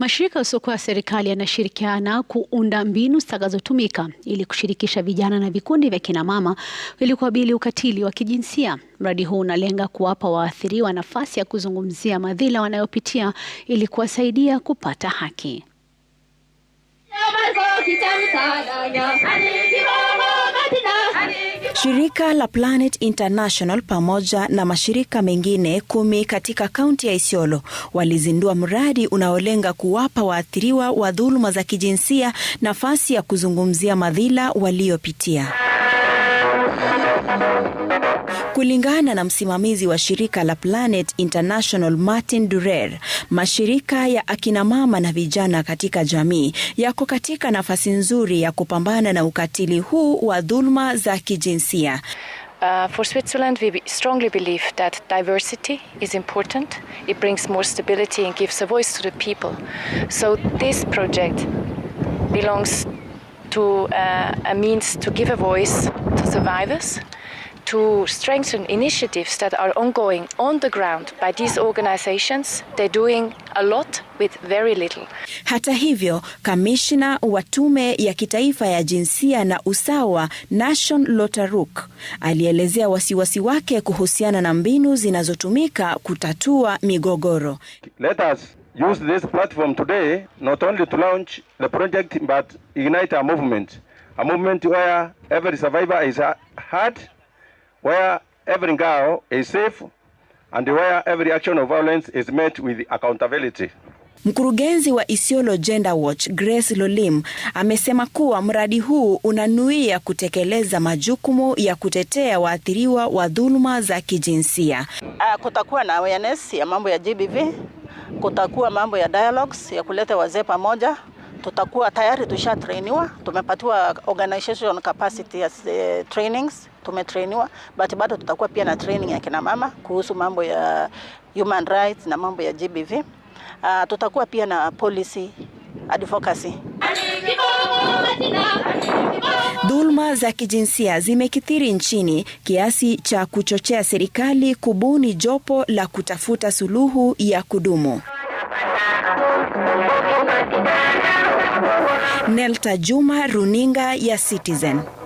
Mashirika usoko ya serikali yanashirikiana kuunda mbinu zitakazotumika ili kushirikisha vijana na vikundi vya kinamama ili kukabili ukatili wa kijinsia. Mradi huu unalenga kuwapa waathiriwa nafasi ya kuzungumzia madhila wanayopitia ili kuwasaidia kupata haki. Shirika la Planet International pamoja na mashirika mengine kumi katika kaunti ya Isiolo walizindua mradi unaolenga kuwapa waathiriwa wa dhuluma za kijinsia nafasi ya kuzungumzia madhila waliopitia. Kulingana na msimamizi wa shirika la Planet International Martin Durer, mashirika ya akina mama na vijana katika jamii yako katika nafasi nzuri ya kupambana na ukatili huu wa dhuluma za kijinsia. Uh, for Switzerland, we strongly believe that diversity is important. It brings more stability and gives a voice to the people. So this project belongs to uh, a means to give a voice to survivors to strengthen initiatives that are ongoing on the ground by these organizations. They're doing a lot with very little. Hata hivyo, kamishna wa tume ya kitaifa ya jinsia na usawa Nashon Lotaruk alielezea wasiwasi wake kuhusiana na mbinu zinazotumika kutatua migogoro. Let us use this platform today not only to launch the project but ignite a movement. A movement where every survivor is heard where every girl is safe and where every action of violence is met with accountability. Mkurugenzi wa Isiolo Gender Watch Grace Lolim amesema kuwa mradi huu unanuia kutekeleza majukumu ya kutetea waathiriwa wa dhuluma za kijinsia. Uh, Kutakuwa na awareness ya mambo ya GBV, kutakuwa mambo ya dialogues ya kuleta wazee pamoja tutakuwa tayari tusha trainiwa, tumepatiwa organization capacity as, uh, trainings tumetrainiwa, but bado tutakuwa pia na training ya kina mama kuhusu mambo ya human rights na mambo ya GBV. Uh, ah, tutakuwa pia na policy advocacy. Dhuluma za kijinsia zimekithiri nchini kiasi cha kuchochea serikali kubuni jopo la kutafuta suluhu ya kudumu. Nelta Juma, runinga ya Citizen.